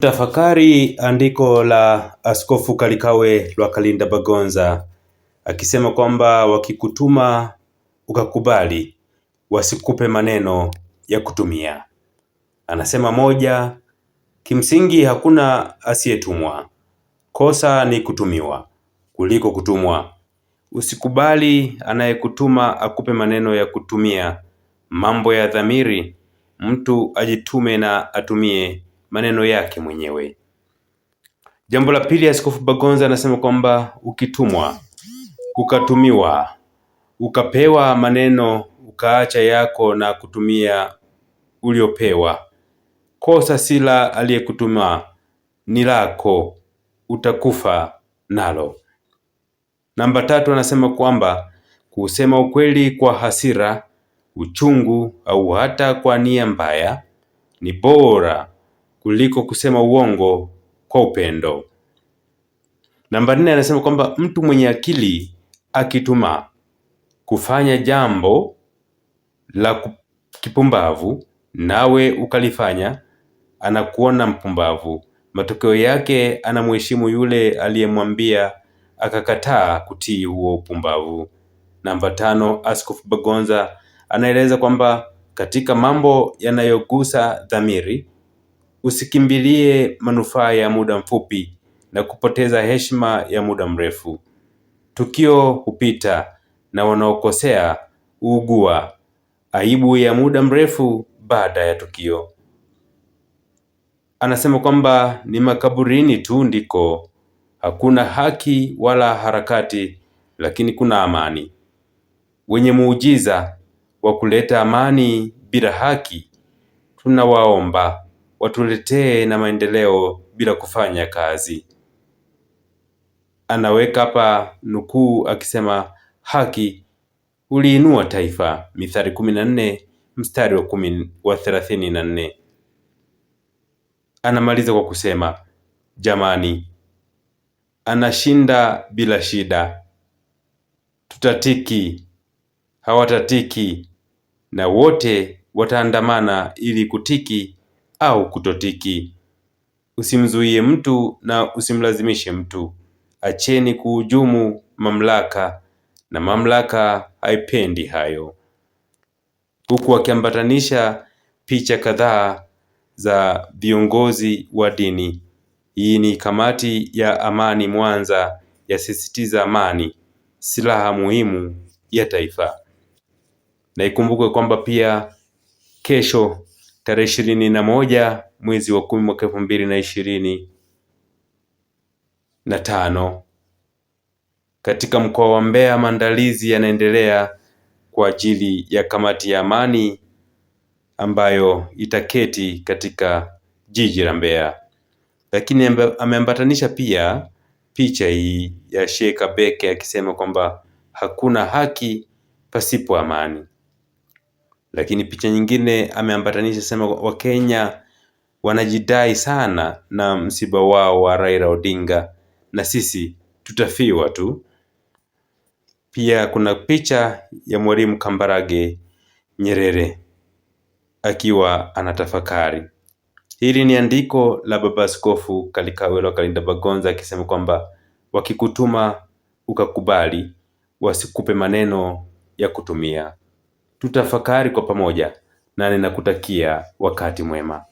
Tafakari andiko la Askofu Kalikawe lwa kalinda Bagonza akisema kwamba wakikutuma ukakubali, wasikupe maneno ya kutumia. Anasema moja, kimsingi hakuna asiyetumwa, kosa ni kutumiwa kuliko kutumwa. Usikubali anayekutuma akupe maneno ya kutumia, mambo ya dhamiri, mtu ajitume na atumie maneno yake mwenyewe. Jambo la pili, Askofu Bagonza anasema kwamba ukitumwa, ukatumiwa, ukapewa maneno, ukaacha yako na kutumia uliopewa, kosa si la aliyekutuma, ni lako, utakufa nalo. Namba tatu, anasema kwamba kusema ukweli kwa hasira, uchungu au hata kwa nia mbaya ni bora kuliko kusema uongo kwa upendo. Namba nne anasema kwamba mtu mwenye akili akituma kufanya jambo la kipumbavu nawe ukalifanya, anakuona mpumbavu. Matokeo yake anamheshimu yule aliyemwambia akakataa kutii huo upumbavu. Namba tano, Askofu Bagonza anaeleza kwamba katika mambo yanayogusa dhamiri Usikimbilie manufaa ya muda mfupi na kupoteza heshima ya muda mrefu. Tukio hupita na wanaokosea huugua aibu ya muda mrefu baada ya tukio. Anasema kwamba ni makaburini tu ndiko hakuna haki wala harakati, lakini kuna amani. Wenye muujiza wa kuleta amani bila haki, tunawaomba watuletee na maendeleo bila kufanya kazi. Anaweka hapa nukuu akisema, haki uliinua taifa, Mithali kumi na nne mstari wa kumi wa thelathini na nne. Anamaliza kwa kusema jamani, anashinda bila shida, tutatiki hawatatiki, na wote wataandamana ili kutiki au kutotiki. Usimzuie mtu na usimlazimishe mtu. Acheni kuhujumu mamlaka, na mamlaka haipendi hayo, huku akiambatanisha picha kadhaa za viongozi wa dini. Hii ni kamati ya amani Mwanza yasisitiza amani, silaha muhimu ya taifa. Na ikumbukwe kwamba pia kesho tarehe ishirini na moja mwezi wa kumi mwaka elfu mbili na ishirini na tano katika mkoa wa Mbeya. Maandalizi yanaendelea kwa ajili ya kamati ya amani ambayo itaketi katika jiji la Mbeya, lakini ameambatanisha pia picha hii ya Sheikh Kabeke akisema kwamba hakuna haki pasipo amani. Lakini picha nyingine ameambatanisha sema Wakenya wanajidai sana na msiba wao wa Raila Odinga na sisi tutafiwa tu. Pia kuna picha ya Mwalimu Kambarage Nyerere akiwa anatafakari. Hili ni andiko la Baba Askofu Kalikawe Kalinda Bagonza akisema kwamba wakikutuma ukakubali, wasikupe maneno ya kutumia tutafakari kwa pamoja, na ninakutakia wakati mwema.